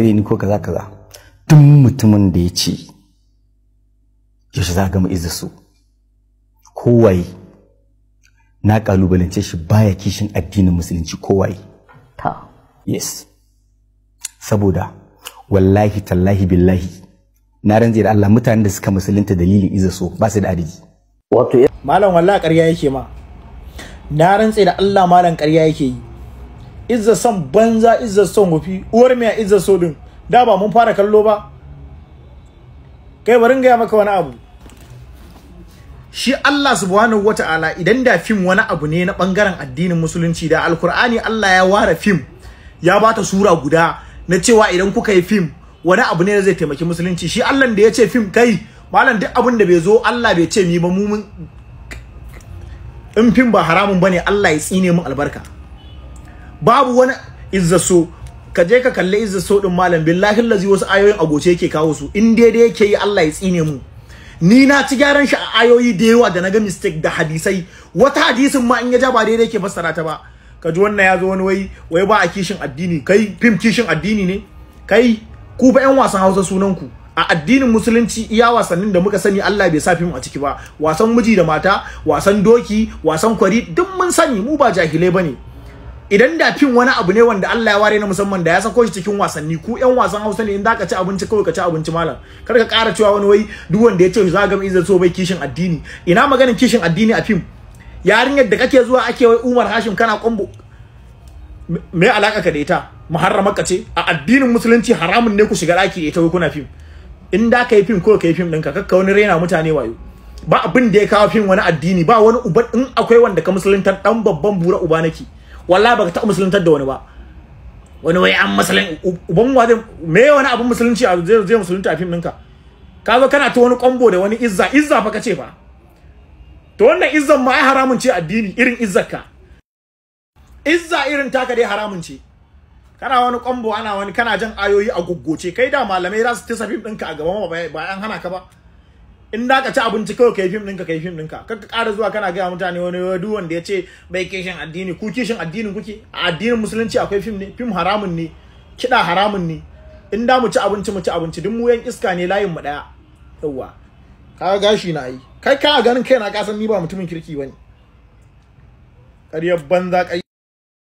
Eh, ni ko kaza kaza tun mutumin da ya ce yaushe za gama izza su kowaye na kalubalance shi baya kishin addinin musulunci kowaye ta yes saboda wallahi tallahi billahi na ranzai da Allah mutanen da suka musulunta dalilin izza su ba su da adiji wato malam wallahi ƙarya yake ma na rantsai da Allah malam ƙarya yake yi izza son banza izza son wufi uwar miya izza so din da ba mun fara kallo ba kai bari gaya maka wani abu shi Allah subhanahu wata'ala idan da fim wani abu ne na bangaren addinin musulunci da alkur'ani Allah ya ware fim ya bata sura guda na cewa idan kuka yi fim wani abu ne da zai taimaki musulunci shi Allah da ya ce fim kai malam duk abin da bai zo Allah bai ce mi ba mu in fim ba haramun bane Allah ya tsine mu albarka babu wani izzaso ka je ka kalli izzaso din malam billahi lazi wasu ayoyin a goce yake kawo su in daidai yake yi Allah ya tsine mu ni na ci gyaran shi a ayoyi da yawa da naga mistake da hadisai wata hadisin ma in ya ja ba daidai yake fassara ta ba ka ji wannan ya zo wani wai wai ba a kishin addini kai fim kishin addini ne kai ku ba yan wasan Hausa sunan ku a addinin musulunci iya wasannin da muka sani Allah bai sa fim a ciki ba wasan miji da mata wasan doki wasan kwari duk mun sani mu ba jahilai bane idan da fin wani abu ne wanda Allah ya ware na musamman da ya sako shi cikin wasanni ku ƴan wasan Hausa ne in ka ci abinci kawai ka ci abinci malam kar ka ƙara cewa wani wai duk wanda ya ce za ga izar so bai kishin addini ina maganin kishin addini a fim yarinyar da kake zuwa ake wai Umar Hashim kana kombo me alaka ka da ita muharrama ka ce a addinin musulunci haramun ne ku shiga daki ita wai kuna fim in da ka yi fim ko ka yi fim ɗinka kakka wani raina mutane wayo ba abin da ya kawo fim wani addini ba wani uban in akwai wanda ka musulunta dan babban bura uba nake wallahi baka taɓa musuluntar da wani ba wani wai an musulun uban wa zai me wani abun musulunci a zai zai musulunta a fim ɗinka ka zo kana ta wani kwambo da wani izza izza fa kace fa to wannan izzan ma ai haramun ce addini irin ka. izza irin taka dai haramun ce kana wani kwambo ana wani kana jan ayoyi a guggoce kai da malamai za su tisa fim ɗinka a gaba ba an hana ka ba in da ka ci abinci kawai kai fim ɗinka kai fim ɗinka kar ka ƙara zuwa kana gaya mutane wani duk wanda ya ce bai kishin addini ku kishin addinin kuke a addinin musulunci akwai fim ne fim haramun ne kiɗa haramun ne in da mu ci abinci mu ci abinci duk mu yan iska ne layin mu ɗaya yawwa ka gashi na yi kai ka ganin kai na kasan ni ba mutumin kirki bane ƙaryar banza kai.